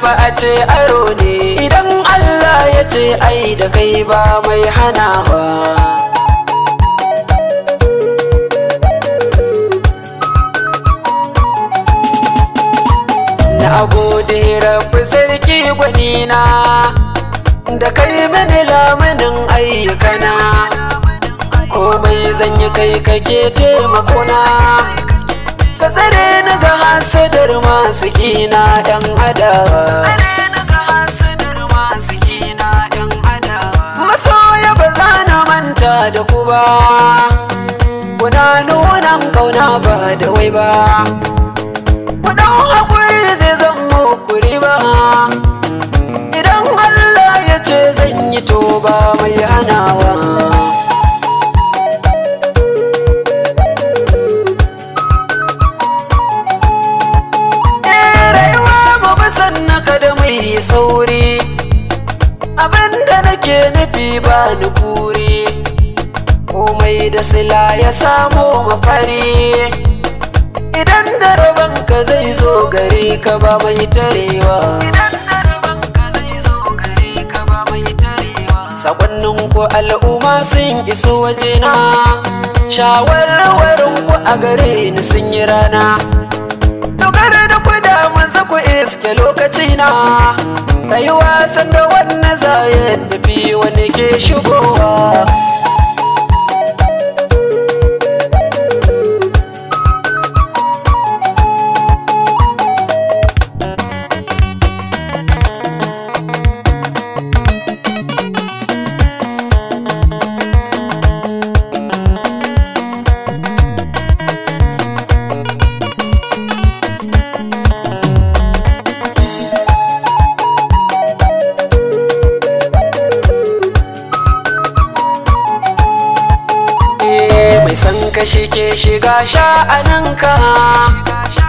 fa a ce aro ne idan Allah ya ce ai da kai ba mai hanawa na gode rabu sarki gwanina da kai mini lamunin ayyukana komai zan yi kai kake taimakona ka tsare ni ga hasadar masu kina dan adawa masoya ba za na manta da ku ba kuna nunan kauna ba da wai ba ku haƙuri zai zama fito ba mai hanawa eh, sauri abinda nake nufi ba ni kuri komai da sila ya samo mafari idan da rabon ka zai zo gare ka ba mai tarewa sakonninku al'umma sun iso shawarwarin ku a gare ni sun yi rana dogara da ku da ku iske lokacin. ka shike shiga sha'aninka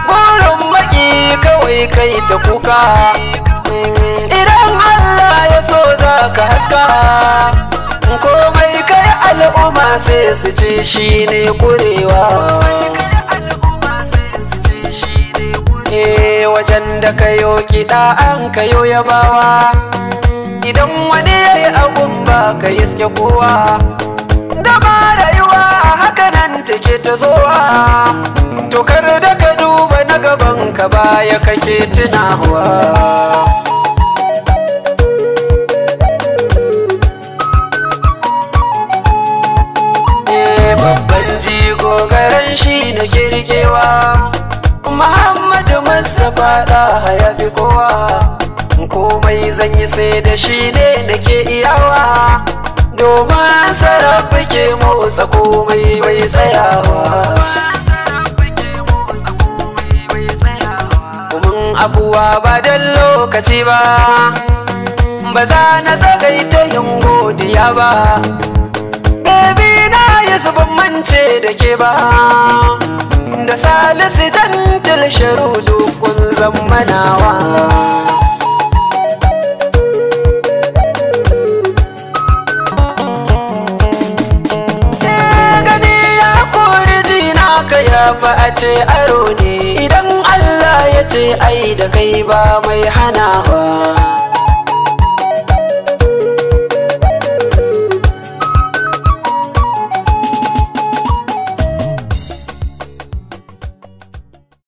burin maki kawai kai da kuka idan Allah ya so za ka haska komai kai al'umma sai su ce shi ne kurewa eh, wajen da kayo kiɗa an kayo yabawa idan wani ya yi abun ba ka iske kowa da ba nan take ta zowa to kar da ka duba na gaban ka baya kake tunawa eh, gogaran shi na kirgewa Muhammadu Mustapha da ya fi kowa komai zan yi sai da shi ne nake iya domin sarrafa ke motsa komai bai tsayawa abuwa ba don lokaci ba ba za na tsagaita yin godiya ba baby na yi zubin mance da ke ba da salisu jantil sharudu kun zammanawa ya fa a ce aro ne idan Allah ya ce ai da kai ba mai hana ba.